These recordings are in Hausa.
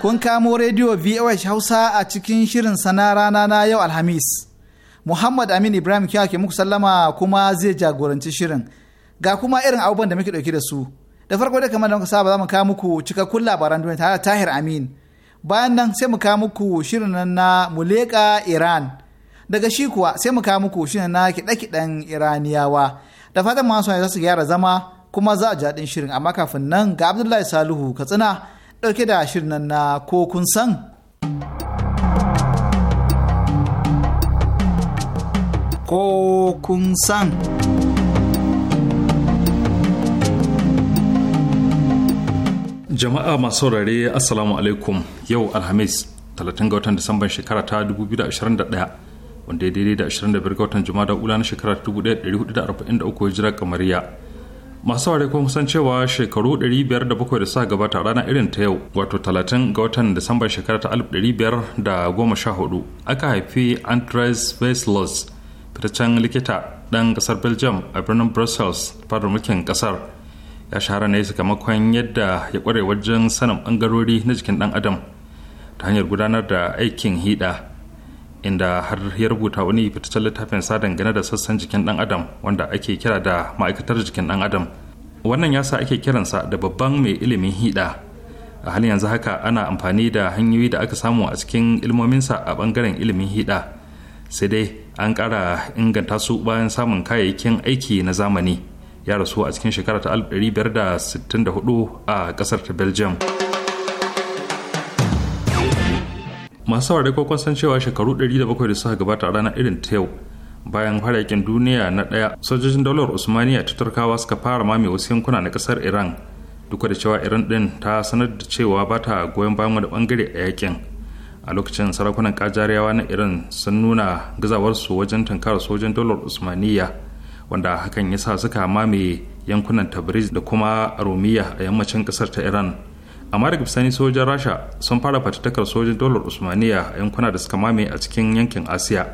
kun kamo rediyo VOH Hausa a cikin shirin sana rana na yau Alhamis. Muhammad Amin Ibrahim kiyawa ke muku sallama kuma zai jagoranci shirin. Ga kuma irin abubuwan da muke ɗauke da su. Da farko da kamar da muka saba za mu kawo muku cikakkun labaran duniya tare da Tahir Amin. Bayan nan sai mu kawo muku shirin na Muleka Iran. Daga shi kuwa sai mu kawo muku shirin na kiɗe-kiɗen Iraniyawa. Da fatan masu za su gyara zama kuma za a ji shirin amma kafin nan ga Abdullahi Salihu Katsina ɗauke da nan na ko kun san. Ko kun san. Jama'a masu saurare Assalamu alaikum yau Alhamis 30 ga watan Disamban shekara ta 2021. wanda ya daidai da 25 ga watan jumada ula na shekarar 1443 hijirar kamariya masu ware kuma san cewa shekaru 507 da sa gabata rana irin ta yau wato 30 ga watan disambar shekara ta 1514 aka haifi andres veslos fitaccen likita ɗan ƙasar belgium a birnin brussels fadar mulkin ƙasar ya shahara ne sakamakon yadda ya kware wajen sanin bangarori na jikin dan adam ta hanyar gudanar da aikin hida inda har ya rubuta wani fitaccen littafin sa dangane da sassan jikin dan adam wanda ake kira da ma'aikatar jikin dan adam wannan yasa ake kiransa da babban mai ilimin hida a halin yanzu haka ana amfani da hanyoyi da aka samu a cikin ilmominsa a bangaren ilimin hida sai dai an kara inganta su bayan samun kayayyakin aiki na zamani ya rasu a cikin shekara ta 1564 a kasar ta belgium masu saurare ko san cewa shekaru 107 da suka gabata a ranar irin ta yau bayan harakin duniya na ɗaya sojojin dalar usmaniya ta turkawa suka fara mame wasu yankuna na ƙasar iran duk da cewa iran ɗin ta sanar da cewa ba ta goyon bayan wani bangare a yakin a lokacin sarakunan kajariyawa na iran sun nuna gazawarsu wajen tankara sojojin dalar usmaniya wanda hakan ya sa suka mame yankunan tabriz da kuma aromiya a yammacin ƙasar ta iran amma daga bisani sojan rasha sun fara fatattakar sojin dolar usmaniya a yankuna da suka mame a cikin yankin asiya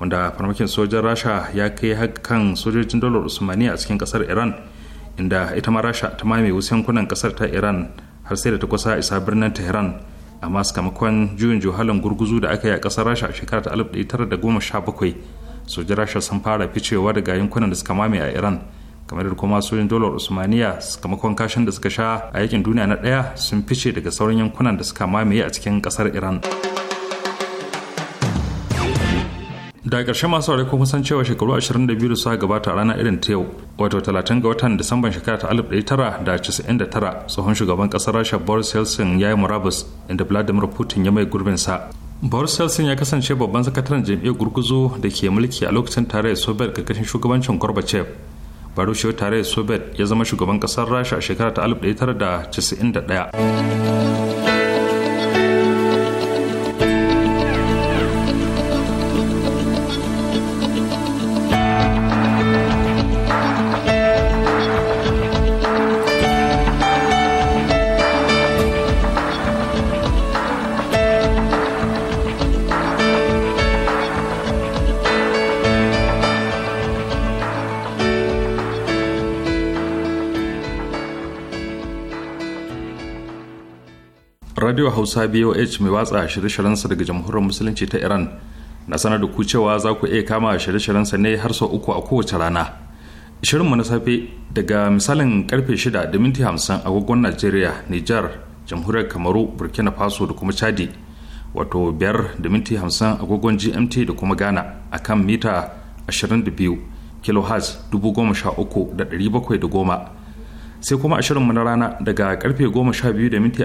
wanda farmakin sojan rasha ya kai hakan sojojin dolar usmaniya a cikin kasar iran inda ita ma rasha ta mame wasu yankunan kasar ta iran har sai da ta kusa isa birnin tehran amma sakamakon juyin juhalin gurguzu da aka yi a kasar rasha a shekarar 1917 sojan rasha sun fara ficewa daga yankunan da suka mame a iran kamar yadda kuma sojin dolar usmaniya sakamakon kashin da suka sha a yakin duniya na ɗaya sun fice daga sauran yankunan da suka mamaye a cikin ƙasar iran da ƙarshe masu aure kuma san cewa shekaru 22 da suka gabata a ranar irin ta yau wato 30 ga watan disamban shekara ta 1999 tsohon shugaban ƙasar rasha boris yeltsin ya yi murabus inda vladimir putin ya mai gurbin sa. boris yeltsin ya kasance babban sakataren jam'iyyar gurguzu da ke mulki a lokacin tarayyar soviet ga shugabancin gorbachev barushewar tare soviet ya zama shugaban ƙasar rasha a shekara ta 1991 radio hausa boh mai watsa shirye sa daga jamhuriyar musulunci ta iran na sanar da ku cewa za ku iya kama shirye sa ne har sau uku a kowace rana shirinmu na safe daga misalin karfe shida da minti agogon najeriya nijar jamhuriyar kamaru burkina faso da kuma chadi wato 5 da minti 50 agogon gmt da kuma ghana a kan mita 22 kilohertz 13710 sai kuma ashirinmu na rana daga karfe biyu da minti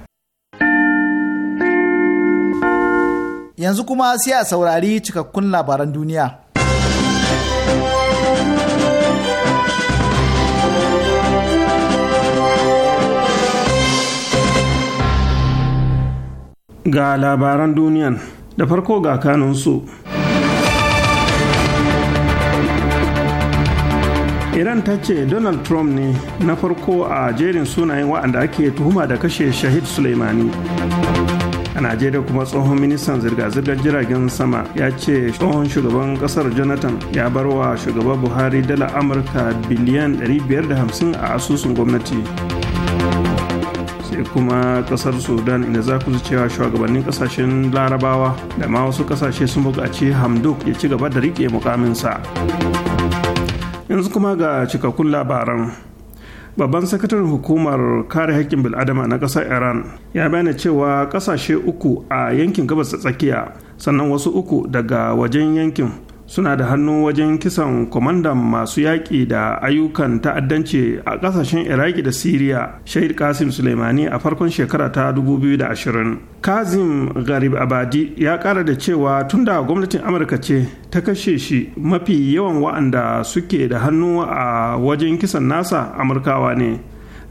yanzu kuma sai a saurari cikakkun labaran duniya. Ga labaran duniyan da farko ga kanunsu. Iran ta ce Donald Trump ne na farko a jerin sunayen waɗanda ake tuhuma da kashe Shahid Suleimani. a najeriya kuma tsohon ministan zirga-zirgar jiragen sama ya ce tsohon shugaban kasar jonathan ya bar wa shugaban buhari dala amurka biliyan 550 a asusun gwamnati sai kuma kasar sudan inda za ku cewa shugabannin kasashen larabawa da ma wasu kasashe sun buƙaci hamduk ya ci gaba da riƙe mukaminsa yanzu kuma ga cikakkun labaran babban sakataren hukumar kare haƙƙin bil'adama na ƙasar iran ya bayyana cewa ƙasashe uku a yankin gabas ta tsakiya sannan wasu uku daga wajen yankin suna da hannu wajen kisan kwamandan masu yaƙi da ayyukan ta'addanci a ƙasashen iraki da siriya shahid kasim suleimani a farkon shekara ta 2020 kazim garib abadi ya ƙara da cewa tun da gwamnatin amurka ce ta kashe shi mafi yawan wa'anda suke da hannu a wajen kisan nasa amurkawa ne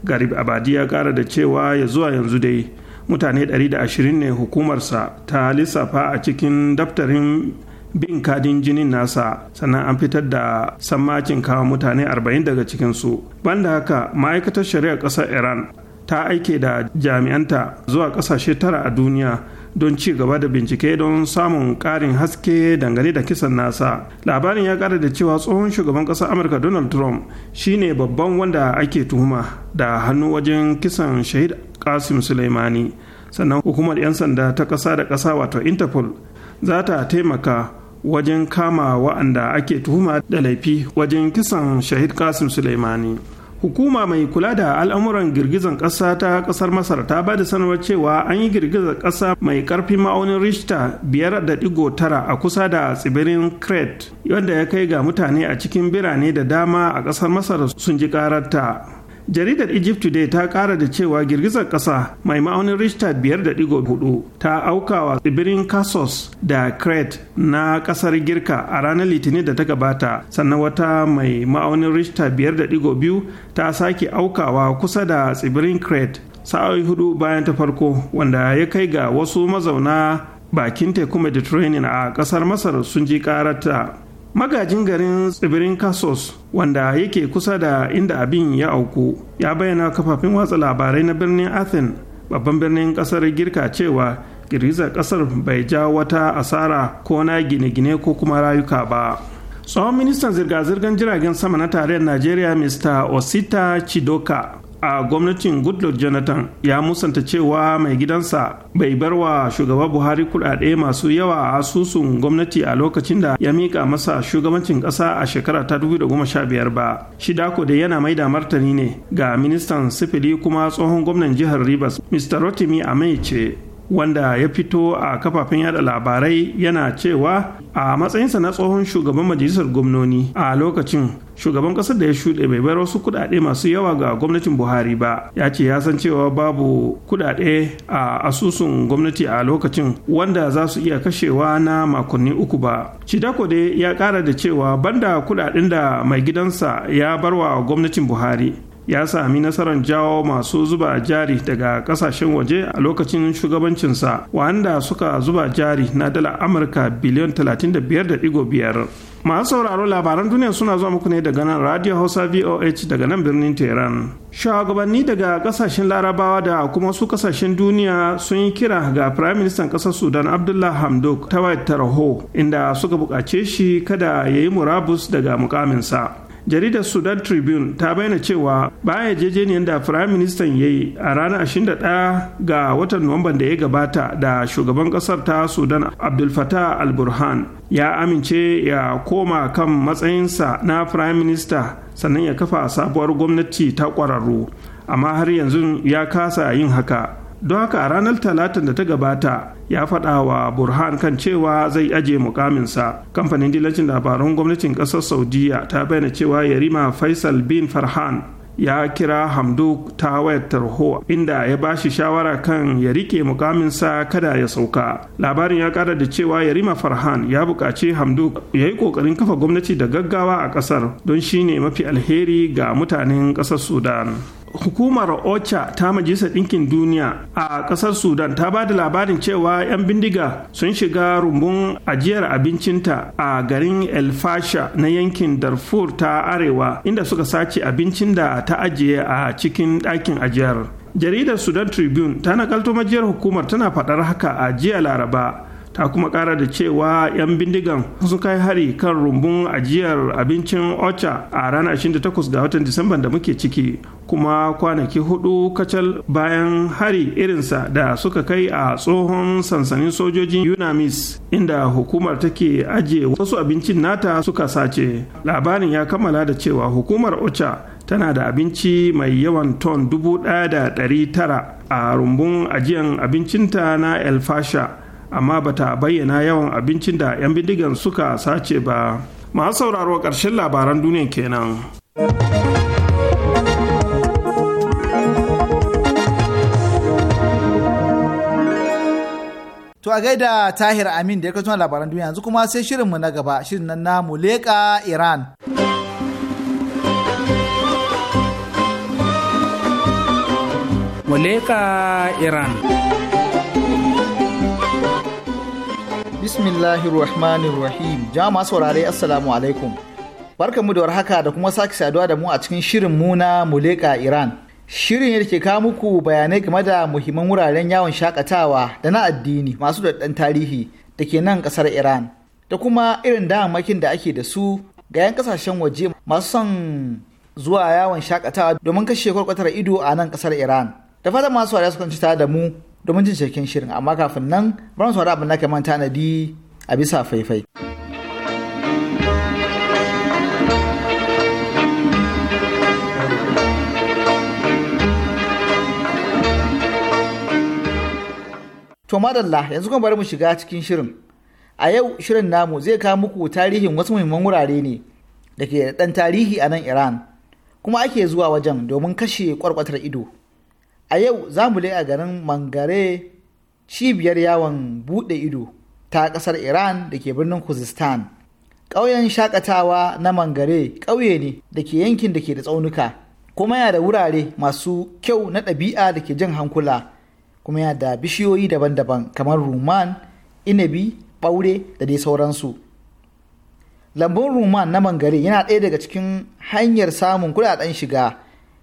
garib abadi ya ƙara da cewa ya zuwa yanzu dai mutane 120 ne hukumarsa ta lissafa a cikin daftarin bin kadin jinin nasa sannan an fitar da sammakin kawo mutane 40 daga cikinsu banda haka ma'aikatar shari'ar ƙasar iran ta aike da jami'anta zuwa ƙasashe tara a duniya don ci gaba da bincike don samun ƙarin haske dangane da kisan nasa labarin ya ƙara da cewa tsohon shugaban ƙasar amurka donald trump shine babban wanda ake tuhuma da hannu wajen kisan shahid kasim suleimani sannan hukumar 'yan sanda ta ƙasa da ƙasa wato interpol za ta taimaka wajen kama wa'anda ake tuhuma da laifi wajen kisan shahid kasim sulaimani. hukuma mai kula da al'amuran girgizan ƙasa ta ƙasar masar ta ba da sanarwar cewa an yi girgizar ƙasa mai ƙarfin ma'aunin richter biyar da digo tara a kusa da tsibirin crete wanda ya kai ga mutane a cikin birane da dama a ƙasar masar sun ji ƙararta jaridar egypt today ta kara da cewa girgizar kasa mai ma'aunin richter 5.4 ta aukawa tsibirin kasos da crete na kasar girka a ranar litinin da ta gabata sannan wata mai ma'aunin richter 5.2 ta sake aukawa kusa da tsibirin crete sa'o'i hudu bayan ta farko wanda ya kai ga wasu mazauna bakin teku mediterranean a kasar masar sun ji karata magajin garin tsibirin kasos wanda yake kusa da inda abin ya auku ya bayyana kafafen watsa labarai na birnin athens babban birnin kasar girka cewa girgizar kasar bai ja wata asara ko na gine-gine ko kuma rayuka ba tsohon ministan zirga-zirgar jiragen sama na tarayyar najeriya mr osita chidoka a gwamnatin goodluck jonathan ya musanta cewa mai gidansa bai bar wa shugaba buhari kudade masu yawa a asusun gwamnati a lokacin da ya mika masa shugabancin ƙasa a shekara ta 2015 ba shi dako da yana maida martani ne ga ministan sifili kuma tsohon gwamnan jihar rivers mr rotimi amai ce wanda ya fito a kafafen yada labarai yana cewa a matsayinsa na tsohon shugaban majalisar gwamnoni a lokacin shugaban kasar da ya shuɗe bai bayar wasu kuɗaɗe masu yawa ga gwamnatin buhari ba ya ce ya san cewa babu kuɗaɗe a asusun gwamnati a lokacin wanda za su iya kashewa na makonni uku ba shidako dai ya ƙara da cewa banda kuɗaɗen da mai gidansa ya barwa gwamnatin buhari ya sami nasarar jawo masu zuba jari daga kasashen waje a lokacin shugabancinsa wanda suka zuba jari na dala amurka biliyan 35.5 masu sauraro labaran duniya suna zuwa muku ne daga nan radio hausa voh daga nan birnin tehran shugabanni daga kasashen larabawa da kuma su kasashen duniya sun yi kira ga prime minister kasar sudan abdullah hamdok ta tarho inda suka buƙace shi kada ya yi murabus daga mukaminsa jaridar sudan tribune ta bayyana cewa baya jejeniyar da firayim ministan ya yi a ranar 21 ga watan nuwamban da ya gabata da shugaban kasar ta sudan abdul fatah al ya amince ya koma kan matsayinsa na firayim minista sannan ya kafa sabuwar gwamnati ta kwararru amma har yanzu ya kasa yin haka don haka a ranar talatin da ta gabata ya faɗa wa burhan kan cewa zai aje mukaminsa kamfanin dillacin labarun gwamnatin ƙasar saudiya ta bayyana cewa yarima faisal bin farhan ya kira hamdu ta wayar tarho inda ya ba shi shawara kan ya rike mukaminsa kada ya sauka labarin ya kara da cewa yarima farhan ya buƙaci hamduk ya yi ƙoƙarin kafa gwamnati da gaggawa a ƙasar don shine mafi alheri ga mutanen ƙasar sudan hukumar ocha ta majalisar ɗinkin duniya a ƙasar sudan ta ba da labarin cewa 'yan bindiga sun shiga rumbun ajiyar abincinta a garin el fasha na yankin darfur ta arewa inda suka sace abincin da ta ajiye a cikin ɗakin ajiyar jaridar sudan tribune ta nakalto majiyar hukumar tana faɗar haka a jiya laraba ta kuma kara da cewa 'yan bindigan sun kai hari kan rumbun ajiyar abincin ocha a ranar 28 ga watan disamban da muke ciki kuma kwanaki hudu kacal bayan hari irinsa da suka kai a tsohon sansanin sojojin unamis inda hukumar take ajiye wasu abincin nata suka sace labarin ya kammala da cewa hukumar ocha tana da abinci mai yawan ton 1,900 a rumbun ajiyan abincinta na el fasha amma bata bayyana yawan abincin da 'yan bindigan suka sace ba masu sauraro ƙarshen labaran duniya kenan. To a gaida Tahir Amin da ya kasance labaran duniya yanzu kuma sai shirinmu na gaba shirin nan na Muleka Iran. Muleka Iran. Bismillahirrahmanirrahim. masu saurare Assalamu alaikum. Barkanmu da warhaka da kuma sake saduwa da mu a cikin shirin mu na Muleka Iran. Shirin da ke kawo muku bayanai game da muhimman wuraren yawon shakatawa da na addini masu ɗan tarihi da ke nan ƙasar Iran. Da kuma irin damammakin da ake da su ga 'yan kasashen waje masu son zuwa yawon shakatawa domin kashe kwarkwatar ido a nan ƙasar Iran. Da fatan masu wariya su kwanci da mu domin jin cikin shirin amma kafin nan barin su abin na man tanadi a bisa faifai. To madalla yanzu kuma bari mu shiga cikin shirin. A yau shirin namu zai kawo muku tarihin wasu muhimman wurare ne da ke da ɗan tarihi a nan Iran kuma ake zuwa wajen domin kashe kwarkwatar ido. a yau za mu a garin mangare cibiyar yawon buɗe ido ta ƙasar iran da ke birnin kuzistan ƙauyen shakatawa na mangare ƙauye ne da ke yankin da ke da tsaunuka kuma yana da wurare masu kyau na ɗabi'a da ke jin hankula kuma yana da bishiyoyi daban-daban kamar ruman inabi ɓaure da dai sauransu lambun ruman na mangare yana ɗaya daga cikin hanyar samun kuɗaɗen shiga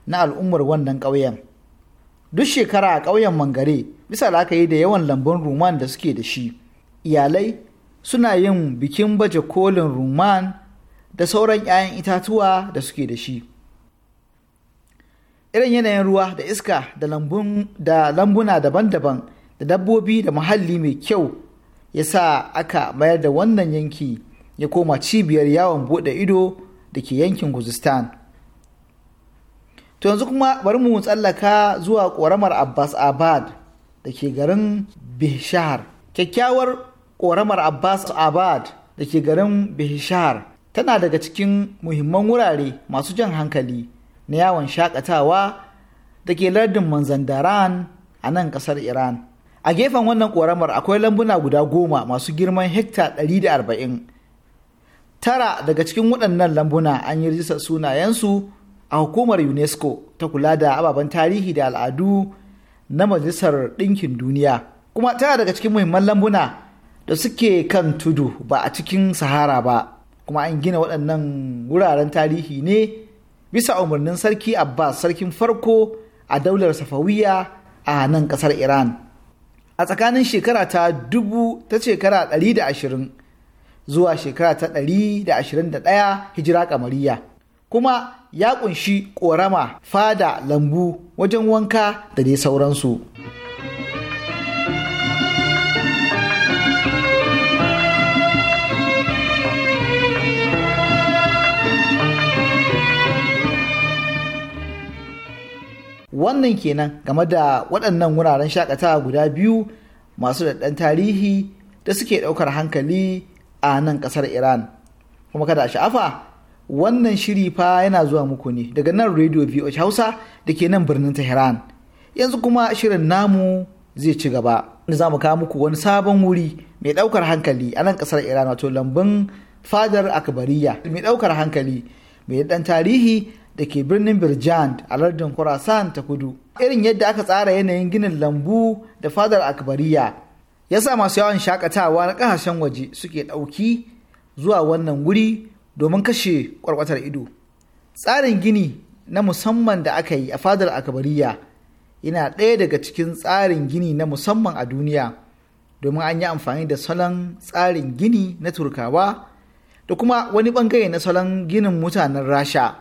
na al'ummar wannan ƙauyen duk shekara a ƙauyen mangare bisa la'akari da yawan lambun ruman da suke da shi iyalai suna yin bikin baje kolin ruman da sauran 'ya'yan itatuwa da suke da shi irin yanayin ruwa da iska da lambuna daban-daban da dabbobi da muhalli mai kyau ya sa aka mayar da wannan yanki ya koma cibiyar yawon buɗe ido da ke yankin guzistan to yanzu kuma bari mu tsallaka zuwa ƙoramar abbas abad da ke garin bishar kyakkyawar ƙoramar abbas abad da ke garin bishar tana daga cikin muhimman wurare masu jan hankali na yawon shakatawa da ke lardin manzandaran a nan ƙasar iran a gefen wannan ƙoramar akwai lambuna guda goma masu girman hekta 140 tara daga cikin waɗannan lambuna an yi rijistar sunayensu a hukumar unesco ta kula da ababen tarihi da al'adu na majalisar ɗinkin duniya kuma tana daga cikin muhimman lambuna da suke kan tudu ba a cikin sahara ba kuma an gina waɗannan wuraren tarihi ne bisa umarnin sarki abbas sarkin farko a daular safawiya a nan ƙasar iran a tsakanin shekara ta dubu ta shekara 120 zuwa shekara ta ɗaya hijira kamariya kuma ya kunshi ƙorama fada lambu wajen wanka da dai sauransu. wannan kenan game da waɗannan wuraren shakatawa guda biyu masu daɗan tarihi da suke ɗaukar hankali a nan ƙasar iran kuma kada sha'afa wannan shiri fa yana zuwa muku ne daga nan radio voh hausa da ke nan birnin tehran yanzu kuma shirin namu zai ci gaba za mu kawo muku wani sabon wuri mai daukar hankali a nan kasar iran wato lambun fadar akbariya mai daukar hankali mai dan tarihi da ke birnin birjan a lardin khorasan ta kudu irin yadda aka tsara yanayin ginin lambu da fadar akbariya ya sa masu yawan shakatawa na kasashen waje suke ɗauki zuwa wannan wuri domin kashe kwarkwatar ido tsarin gini na musamman da aka yi a fadar akabariya yana ɗaya daga cikin tsarin gini na musamman a duniya domin an yi amfani da salon tsarin gini na turkawa da kuma wani bangare na salon ginin mutanen rasha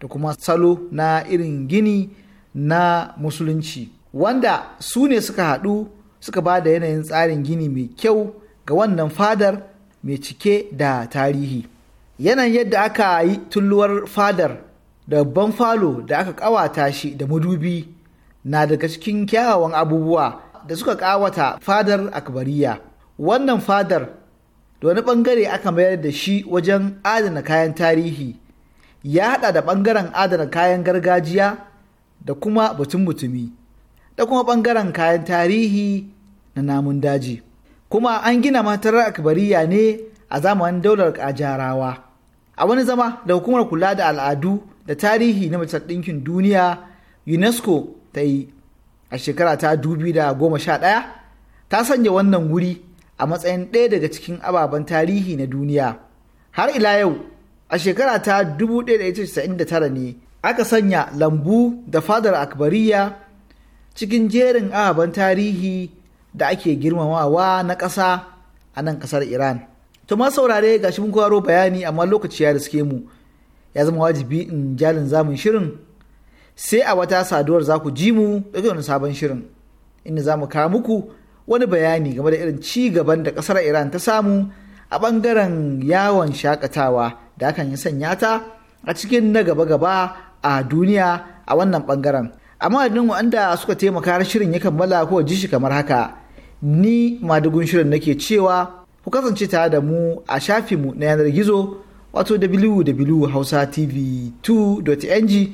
da kuma salo na irin gini na musulunci wanda su ne suka haɗu suka ba da yanayin tsarin gini mai kyau ga wannan fadar mai cike da tarihi yanayin yadda aka yi tulluwar fadar da babban falo da aka kawata shi da madubi na daga cikin kyawawan abubuwa da suka kawata fadar akbariya wannan fadar da wani bangare aka mayar da shi wajen adana kayan tarihi ya hada da bangaren adana kayan gargajiya da kuma batun mutumi da kuma bangaren kayan tarihi na namun daji kuma an gina matar akbariya ne a zamanin daular kajarawa a wani zama da hukumar kula da al'adu da tarihi na majalisar ɗinkin duniya unesco ta yi a shekara ta ɗaya ta sanya wannan wuri a matsayin ɗaya daga cikin ababen tarihi na duniya har ila yau a shekara ta 1999 ne aka sanya lambu da fadar akbariya cikin jerin ababen tarihi da ake girmamawa na ƙasa a nan ƙasar iran to ma saurare ga shi mun kwaro bayani amma lokaci ya riske mu ya zama wajibi in jalin zamun shirin sai a wata saduwar za ku ji mu daga wani sabon shirin inda za mu kawo muku wani bayani game da irin ci gaban da kasar iran ta samu a bangaren yawon shakatawa da hakan ya sanya ta a cikin na gaba-gaba a duniya a wannan bangaren amma adinin wanda suka taimaka shirin ya kammala ko ji shi kamar haka ni madugun shirin nake cewa ku kasance tare da mu a shafinmu na yanar gizo wato www.hausatv2.ng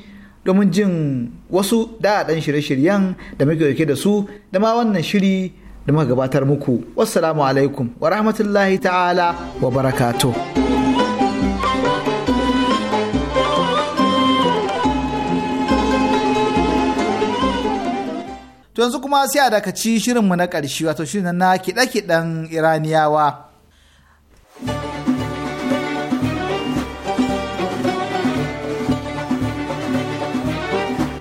domin jin wasu daɗaɗɗen shirye-shiryen da muke dauke da su da ma wannan shiri da muka gabatar muku. Wassalamu alaikum wa rahmatullahi ta'ala wa barakatuh. To yanzu kuma sai a dakaci shirinmu na ƙarshe wato shirin na kiɗe-kiɗen Iraniyawa.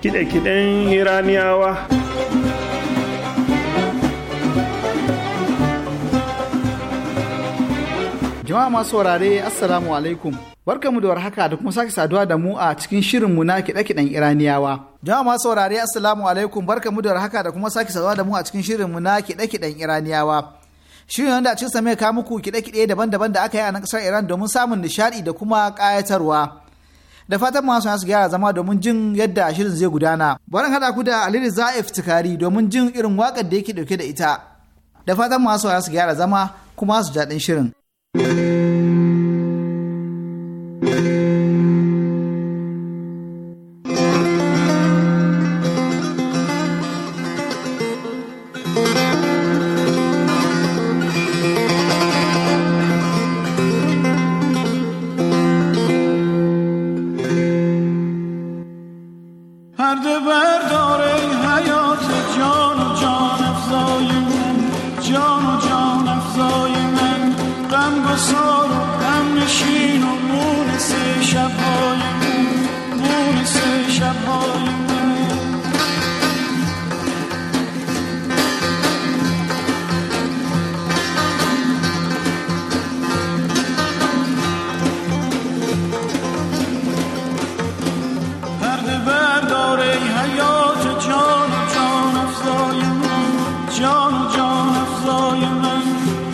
Kiɗe-kiɗen Iraniyawa Jama'a masu wurare Assalamu alaikum. Barkanmu da warhaka da kuma sake saduwa da mu a cikin shirinmu na kiɗe-kiɗen Iraniyawa. Jama'a masu saurari Assalamu alaikum barkanmu da warhaka da kuma sake saduwa da mu a cikin shirinmu na kiɗe-kiɗen Iraniyawa. Shirin wanda a cikin sa ka muku kiɗe-kiɗe daban-daban da aka yi a nan ƙasar Iran domin samun nishaɗi da kuma ƙayatarwa. Da fatan masu su gyara zama domin jin yadda shirin zai gudana. Barin haɗa ku da Aliyu Za'if kari domin jin irin waƙar da yake ɗauke da ita. Da fatan masu su gyara zama kuma su jaɗin shirin. غذای من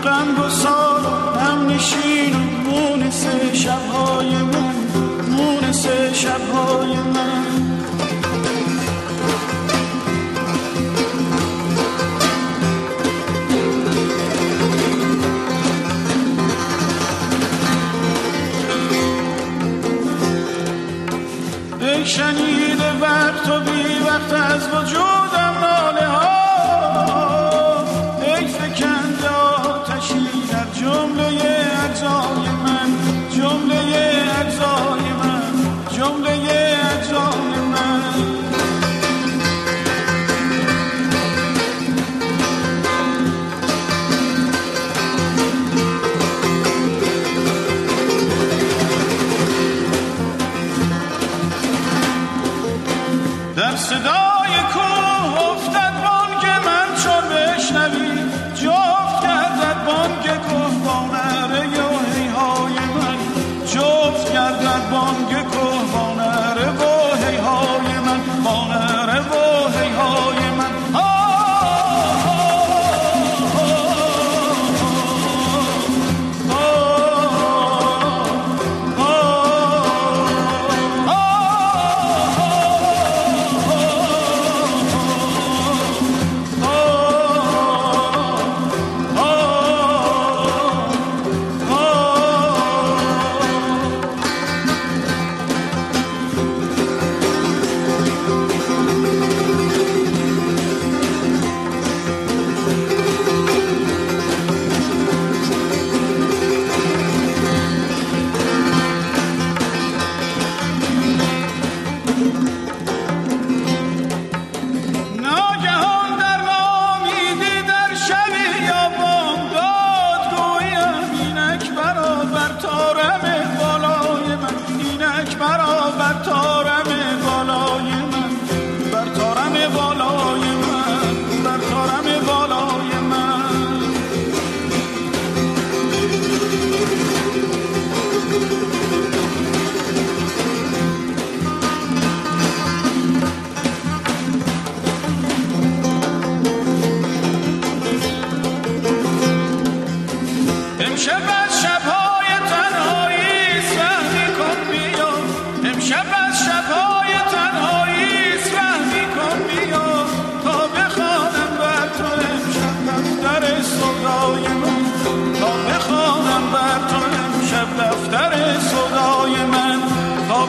غم گسار هم نشین و مونس شبهای من مونس شبهای من ای شنیده وقت و بی وقت از وجودم ناله ها لای کوه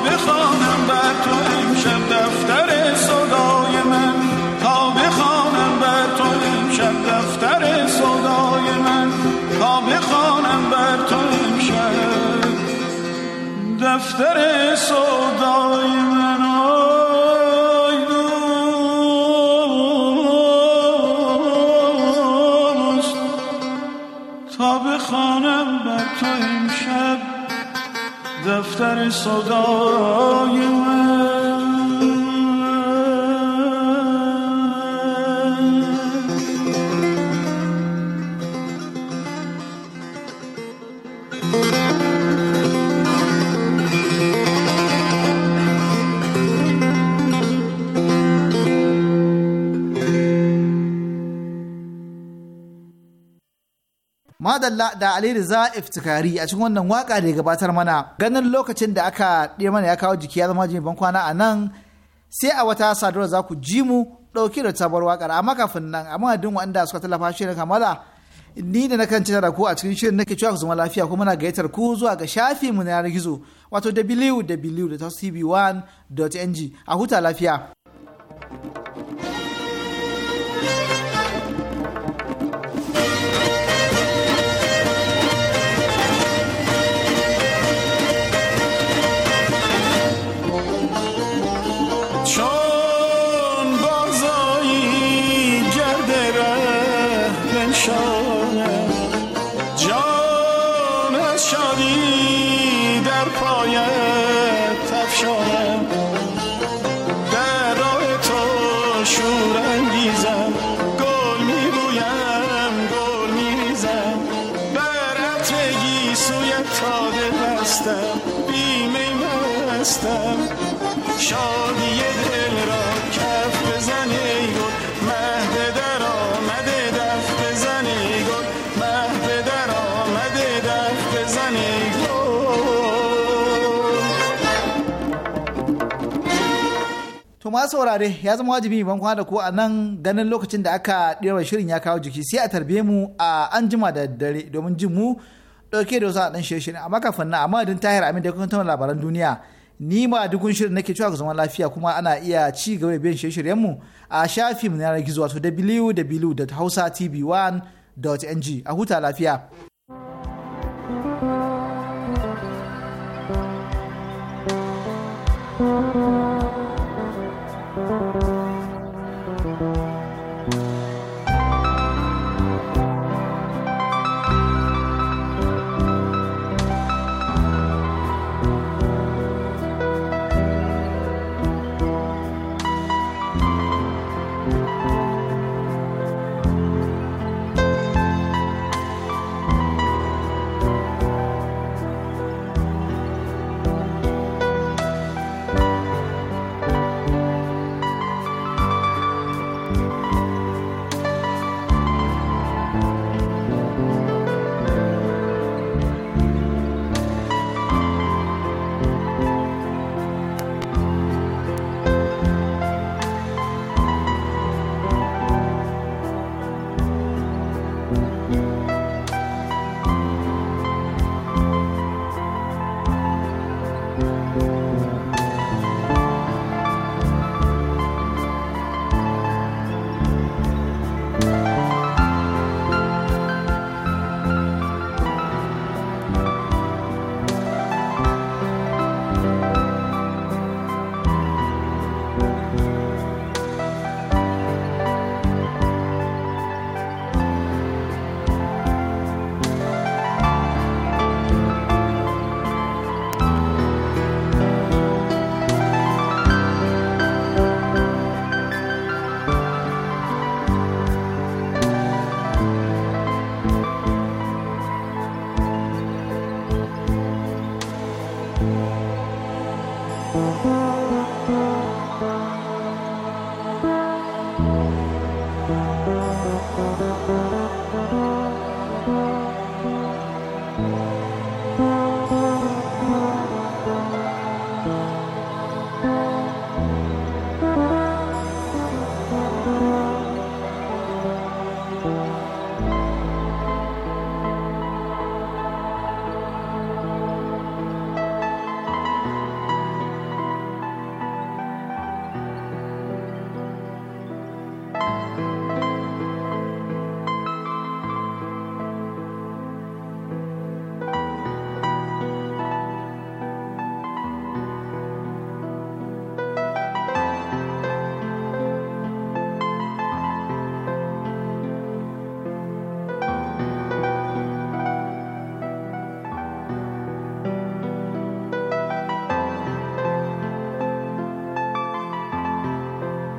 بخوانم بر تو امشب دفتر صدای من تا بخوانم بر تو امشب دفتر صدای من تا بخوانم بر تو امشب دفتر صدای من تا خانم بر تو امشب دفتر صدای madalla da ali riza iftikari a cikin wannan waka da ya gabatar mana ganin lokacin da aka ɗaya mana ya kawo jiki ya zama jini ban kwana a nan sai a wata sadarwa za ku ji mu ɗauki da tabar wakar amma kafin nan a madadin wanda suka tallafa shirin kamala ni da nakan ci da ku a cikin shirin nake cewa ku zama lafiya kuma na gayyatar ku zuwa ga shafi mu na yanar gizo wato www.tv1.ng a huta lafiya. شور انگیزم گل میبویم گل میریزم بر عطر سوی تا بستم بیمه مستم شادی To ma saurare ya zama wajibi ban kwana da ku a nan ganin lokacin da aka ɗewa shirin ya kawo jiki sai a tarbe mu a an jima da dare domin jin mu ɗauke da wasu a ɗan shirye-shirye amma kafin na amma din tahir amin da kuma labaran duniya ni ma dukun shirin nake cewa ga zaman lafiya kuma ana iya ci gaba da biyan shirye-shiryen mu a shafin mu na yanar gizo wato www.hausatv1.ng a huta lafiya. thank you